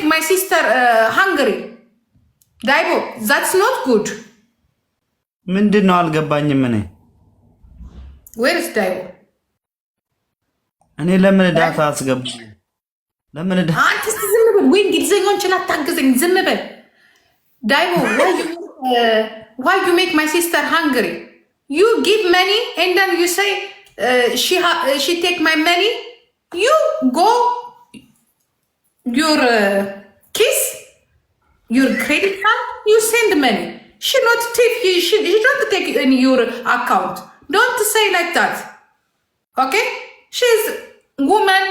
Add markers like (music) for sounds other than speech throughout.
make my sister uh, hungry ዳይቦ ዛትስ ኖት ጉድ ምንድን ነው አልገባኝም እኔ ዌርስ ዳይቦ እኔ ለምን ዳታ አስገባ ለምን ዳ አንተ ዝም በል ወይ እንግሊዝኛውን ችላ ታግዘኝ ዝም በል ዳይቦ uh, why you make my sister hungry you give money and then you say uh, she uh, she take my money you go your uh, kiss, your credit card, you send money. She not take you, she, she don't take in your account. Don't say like that. Okay? She's woman,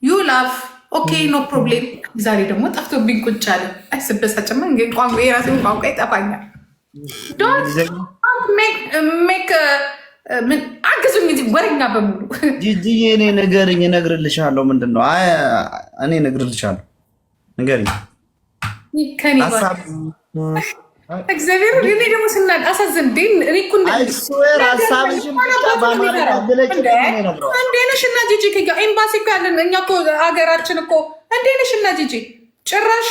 you love. ኦኬ ኖ ፕሮብሌም። ዛሬ ደግሞ ጠፍቶብኝ ቁጭ አለ። አይሰበሳጭም እንግ ቋንቋ የራሴ ቋንቋ ይጠፋኛል። ዶንት ሜክ አታርክሱ። እንግዲህ ወሬኛ በሙሉ ጂጂዬ፣ እኔ እነግርልሻለሁ። ምንድን ነው እኔ እነግርልሻለሁ፣ ጭራሽ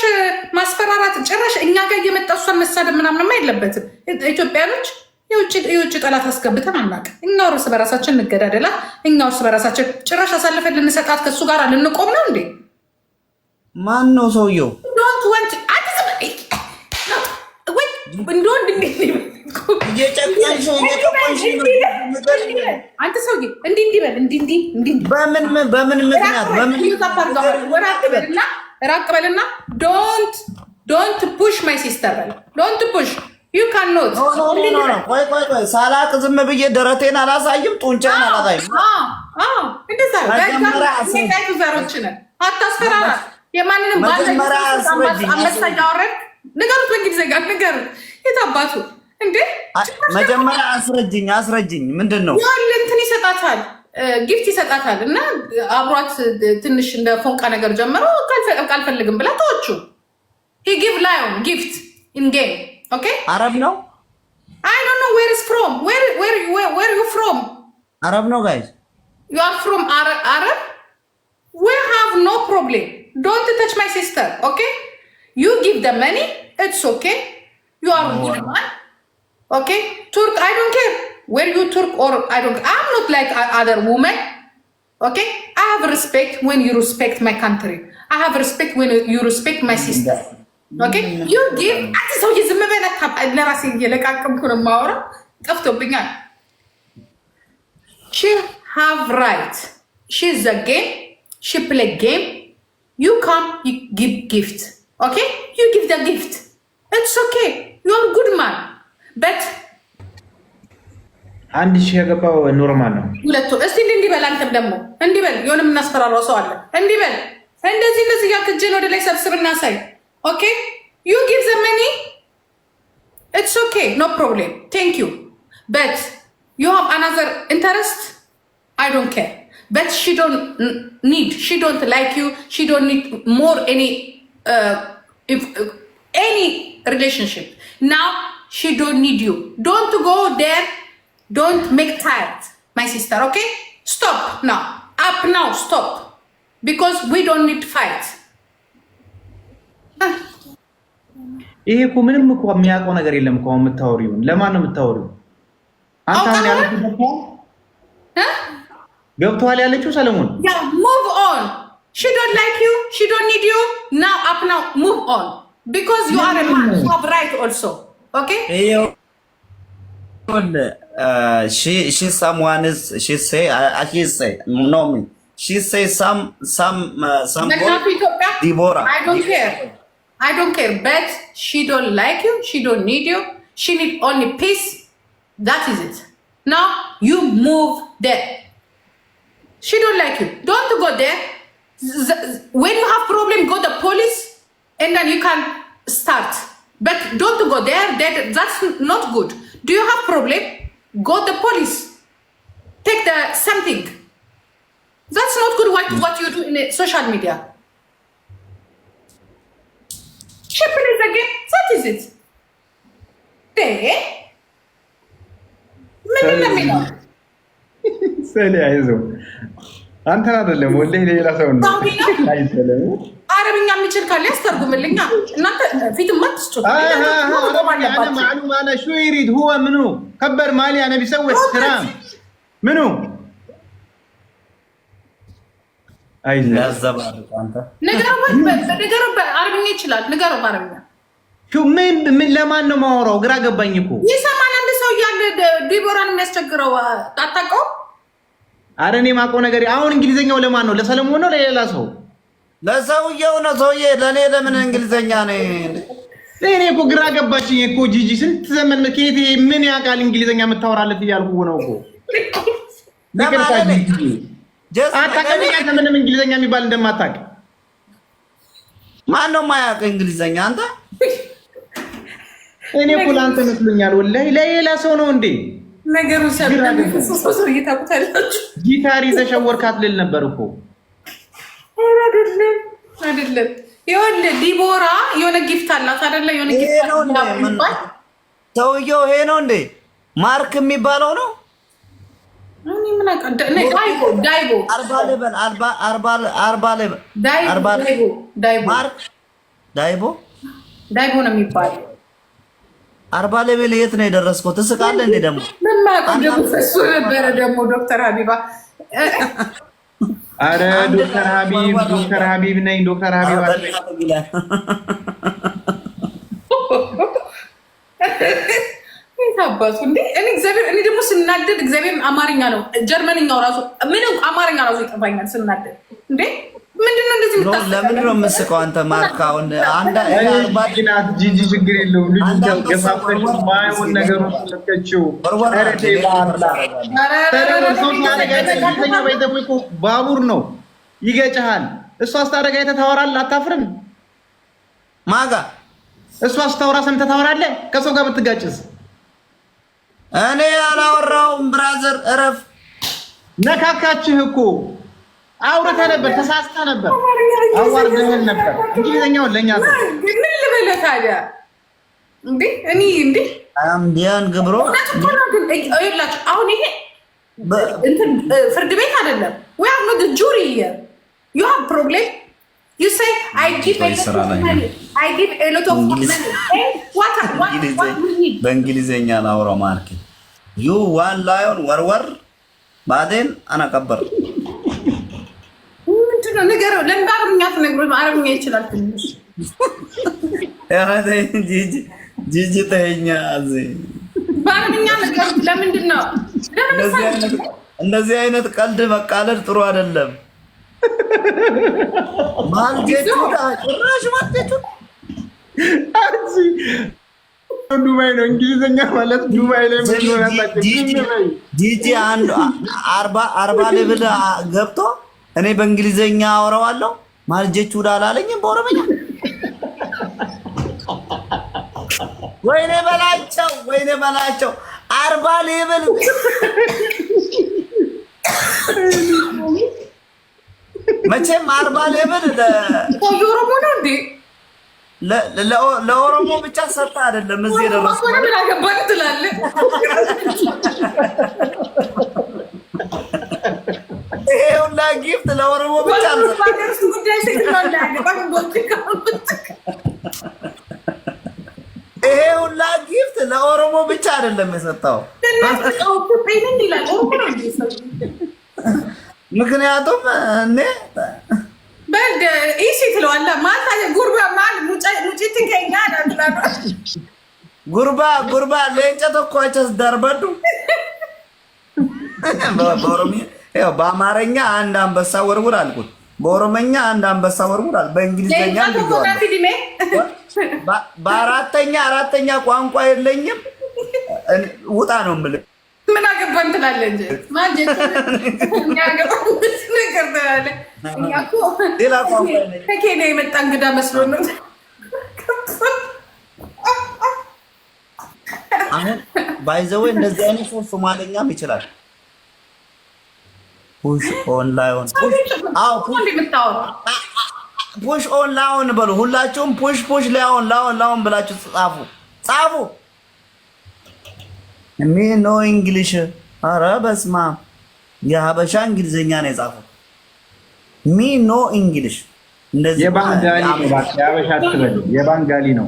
ማስፈራራት ጭራሽ እኛ ጋር እየመጣ እሷን መሳደብ ምናምንማ የለበትም ኢትዮጵያኖች የውጭ ጠላት አስገብተን አናውቅ። እኛ እርስ በራሳችን እንገዳደላ፣ እኛ እርስ በራሳችን ጭራሽ አሳልፈን ልንሰጣት ከሱ ጋር ልንቆም ነው እንዴ? ማን ነው ሰውየው? አንተ ሰውዬ እንዲህ እንዲህ በል እንዲህ እንዲህ እንዲህ በምን በምን ምክንያት በምን ራቅ በልና ዶንት ዶንት ፑሽ ማይ ሲስተር በል ዶንት ፑሽ ዩ ካኖት ቆይ ቆይ ቆይ፣ ሳላቅ ዝም ብዬ ደረቴን አላሳይም፣ ጡንቻን አላሳይም። እንደዛ መጀመሪያ አስረጅኝ፣ አስረጅኝ። ምንድን ነው እንትን ይሰጣታል፣ ጊፍት ይሰጣታል። እና አብሯት ትንሽ እንደ ፎንቃ ነገር ጀምሮ ካልፈልግም ብላ ተወችው። ሂ ጊቭ ላዮን ጊፍት ኢንጌም Okay. Arab no? I don't know where it's from. Where where where, where are you from? Arab no, guys. You are from Arab We have no problem. Don't touch my sister, okay? You give the money, it's okay. You are a good wow. okay? Turk, I don't care. Where you Turk or I don't I'm not like other woman. Okay? I have respect when you respect my country. I have respect when you respect my sister. Mm-hmm. Okay? You give በበረታ ለራሴ እየለቃቅምኩ ነው የማወራው። ጠፍቶብኛል። ሺ ሃቭ ራይት ሺ ዘ ጌም ሺ ፕለ ጌም ዩ ካም ዩ ጊቭ ጊፍት ኦኬ ዩ ጊቭ ዘ ጊፍት ኢትስ ኦኬ ዩ አር ጉድ ማን በት አንድ ሺህ የገባው ኖርማል ነው። ሁለቱ እስቲ እንዲበል አንተም ደግሞ እንዲበል የሆነ የምናስፈራራው ሰው አለ። እንዲበል እንደዚህ እንደዚህ ያክጀን ወደ ላይ ሰብስብ እናሳይ ኦኬ ዩ ጊቭ ዘ መኒ it's okay, no problem. Thank you. But you have another interest? I don't care. But she don't need, she don't like you, she don't need more any, uh, if, uh, any relationship. Now, she don't need you. Don't go there, don't make tired, my sister, okay? Stop now, up now, stop. Because we don't need fight. Ah. ይሄ እኮ ምንም እኮ የሚያውቀው ነገር የለም እኮ አሁን የምታወሪውን ለማን ነው የምታወሪው? አንተ አሁን ያለችው ገብቶሃል ያለችው ሰለሞን ሙቭ ኦን ሺ ዶንት ላይክ ዩ ሺ ዶንት ኒድ ዩ ናው አፕ ናው ሙቭ ኦን ቢኮዝ ዩ አር ማን ዩ ራይት ኦልሶ ኦኬ she I don't care. But she don't like you. She don't need you. She need only peace. That is it. Now you move there. She don't like you. Don't go there. When you have problem, go the police, and then you can start. But don't go there. That that's not good. Do you have problem? Go the police. Take the something. That's not good. What what you do in social media? She plays a What is it? አንተን አይደለም ወላሂ ሌላ ሰው አረብኛ የሚችል ካለ ያስተርጉምልኛ። እናንተ ፊትማ ትስጩ ማዕሉም አነ ሹ ይሪድ ሁወ ምኑ ከበር ማሊያ ነቢ ሰወት ስራም ምኑ ምን ለማን ነው ማወራው? ግራ ገባኝ እኮ ይሰማል። አንድ ሰው እያለ ዲቦራን የሚያስቸግረው አታውቀውም? አረ እኔ የማውቀው ነገር አሁን እንግሊዝኛው ለማን ነው? ለሰለሞን ነው ለሌላ ሰው? ለሰውየው ነው። ሰውዬ ለእኔ ለምን እንግሊዝኛ እኔ እኮ ግራ ገባችኝ እኮ ጂጂ። ስንት ዘመን ከየት ምን ያውቃል እንግሊዝኛ የምታወራለት እያልኩ ነው እኮ አታውቅም። ምንም እንግሊዘኛ የሚባል እንደማታውቅ ማነው የማያውቅ እንግሊዘኛ? አንተ እኔ እኮ ለአንተ መስሎኛል። ወላሂ ለሌላ ሰው ነው እንዴ ነገሩ? ጊታር ልል ነበር እኮ አይደለም። ይኸውልህ ዲቦራ የሆነ ጊፍት አላት አይደለ? የሆነ ጊፍት ሰውየው ይሄ ነው እንዴ ማርክ የሚባለው ነው ዳይቦ ዳይቦ ነው የሚባለው። አርባ ሌቤል የት ነው የደረስከው? ትስቃለህ እንዴ? ደግሞ እሱ ነበረ ደግሞ ዶክተር ሀቢባ አረ ዶክተር ሀቢብ ዶክተር ሀቢብ ነኝ። ዶክተር ሀቢብ አባቱ እንዴ እግዚአብሔር እኔ ደግሞ ስናደድ እግዚአብሔር አማርኛ ነው ጀርመንኛው ራሱ ምንም አማርኛ ራሱ ይጠፋኛል ስናደድ እንዴ ምንድነው ለምንድን ነው የምስቀው? አንተ ማርክ አሁን ጂጂ ችግር የለውም። ልጁ ባቡር ነው ይገጭሃል። እሱ አስታረጋ አይተህ ታወራለህ። አታፍርም? ማጋ እሱ አስታውራ ሰምተህ ታወራለህ። ከሰው ጋር ብትጋጭስ እኔ አላወራውም። ብራዘር እረፍ። ነካካችህ እኮ አውርተህ ነበር፣ ተሳስተህ ነበር፣ አዋርደህን ነበር። እንግሊዝኛውን ለእኛ ልበለህ ታዲያ? እንዴ እኔ እንዴ አምዲያን ግብሮ አሁን ይሄ ፍርድ ቤት አይደለም ወይ? አሁን ጁሪ ዩ ሃቭ ፕሮብሌም You say I mm, give a I give a lot of money. Hey, what, what, what do you need? ላውራ ማርክ ዩ ዋን ላዮን ወርወር ባዴን አናቀበር ጂጂ ተኛ በአረብኛ ነገር ለምንድን ነው እንደዚህ አይነት ቀልድ መቃለድ ጥሩ አይደለም። ዱባይ ነው እንግሊዝኛ ማለት ዱባይ ላይ ጂጂ አንዱ አርባ ሌብል ገብቶ እኔ በእንግሊዝኛ አወራዋለሁ ማልጀች ውዳ አላለኝም በኦሮምኛ ወይኔ በላቸው ወይኔ በላቸው አርባ ሌብል (laughs) መቼም አርባ ሌብል ለኦሮሞ ነው እንዴ? ለኦሮሞ ብቻ ሰጣ አይደለም እዚህ ደረስ ገባን ትላለህ። ይሄ ሁላ ጊፍት ለኦሮሞ ብቻ ይሄ ሁላ ጊፍት ለኦሮሞ ብቻ አይደለም የሰጠው። ምክንያቱም እኔ በርድ ኢሲ ትለዋለህ ማለት ጉርባ ማለት ሙጭትን ከኛ ጉርባ ጉርባ ለእንጨት እኮ ደርበዱ በአማርኛ አንድ አንበሳ ወርውር አልኩት። በኦሮመኛ አንድ አንበሳ ወርውር በእንግሊዝኛ በአራተኛ አራተኛ ቋንቋ የለኝም ውጣ ነው የምልህ ምን አገባን ትላለ እንጂ ነገር ትላለህ። እኛ ከኬንያ የመጣ እንግዳ መስሎን ነው። አሁን ባይዘዌ እንደዚህ አይነት ሶፍ ማለኛም ይችላል። ፑሽ ኦን ላይን ፑሽ ኦን ላይን በሉ ሁላችሁም ፑሽ ፑሽ ላይን ላይን ላይን ብላችሁ ጻፉ ጻፉ። እኔ ኖ እንግሊሽ አረ በስማ የሀበሻ እንግሊዝኛ ነው የጻፈው። ሚ ኖ እንግሊሽ እንደዚህ የባንጋሊ ነው። የሀበሻ አትበሉ፣ የባንጋሊ ነው።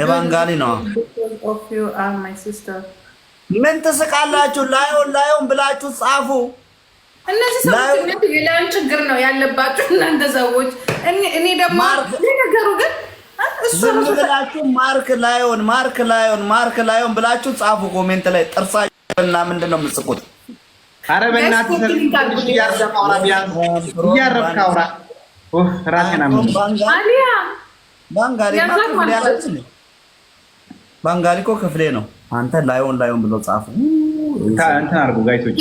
የባንጋሊ ነው። ምን ትስቃላችሁ? ላዮን ላዮን ብላችሁ ጻፉ። እነዚህ ሰዎች የላዮን ችግር ነው ያለባችሁ እናንተ ሰዎች። እኔ ደግሞ ነገሩ ግን ዝም ብላችሁ ማርክ ላዮን ማርክ ላዮን ማርክ ላዮን ብላችሁ ጻፉ ኮሜንት ላይ ጥርሳችሁ ምንድን ነው የምትስቁት? ኧረ በእናትህ ክፍሌ ነው። አንተ ላዮን ላዮን ብሎ ጻፉ። እንትን አድርጎ ጋይቶች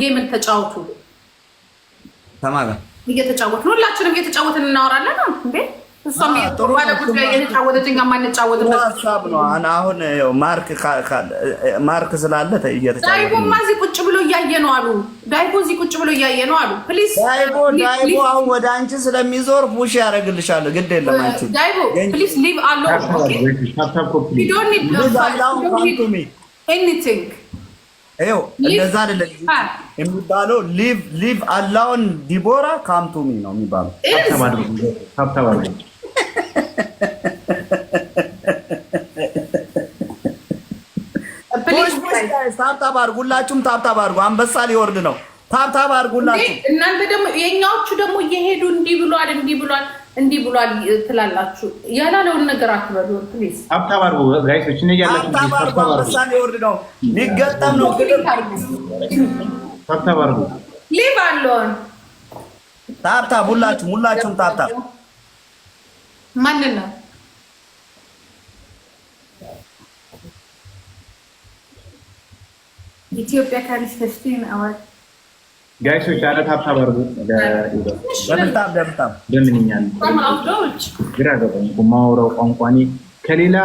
ጌምን ተጫወቱ ተማጋ እየተጫወትን ሁላችንም እየተጫወትን እናወራለን ነው አሁን ማርክ ስላለ እየተጫወትን ዳይቦማ እዚህ ቁጭ ብሎ እያየ ነው አሉ። ዳይቦ እዚህ ቁጭ ብሎ እያየ ነው አሉ። ፕሊዝ ዳይቦ፣ ዳይቦ አሁን ወደ አንቺ ስለሚዞር ፑሽ ያደርግልሻል። ግድ የለም አንቺ ዳይቦ፣ ፕሊዝ ሊቭ አለው ዶንት ኒድ ኤኒቲንግ ይኸው እንደዛ አይደለም ah. የሚባለው። ሊቭ ሊቭ አላውን ዲቦራ ካምቱሚ ነው የሚባለው። ታብታብ አድርጉ፣ ሁላችሁም ታብታብ አድርጉ። አንበሳ ሊወርድ ነው። ታብታብ አድርጉ ሁላችሁም ታብታብ አድርጉ አንበሳ ሊወርድ ነው ታብታብ አድርጉ እናንተ ደግሞ የኛዎቹ ደግሞ እየሄዱ እንዲህ ብሏል፣ እንዲህ ብሏል እንዲህ ብሏል ትላላችሁ። ያላለውን ነገር አክበሉ ፕሊዝ ጋይሶች፣ ወርድ ነው ሊገጠም ነው አለውን ታብታ ሁላችሁ ሁላችሁም ታብታ ነው ኢትዮጵያ ካሪስ ተስቲን አዋጅ ጋይሶች ዳረት ሀብታም አድርጉ። በምጣም በምጣም በምንኛል ግራ ገባኝ ማውራው ቋንቋ እኔ ከሌላ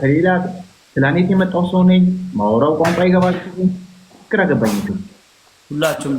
ከሌላ ፕላኔት የመጣው ሰው ነኝ። ማውራው ቋንቋ ይገባችሁ? ግራ ገባኝ። ሁላችሁም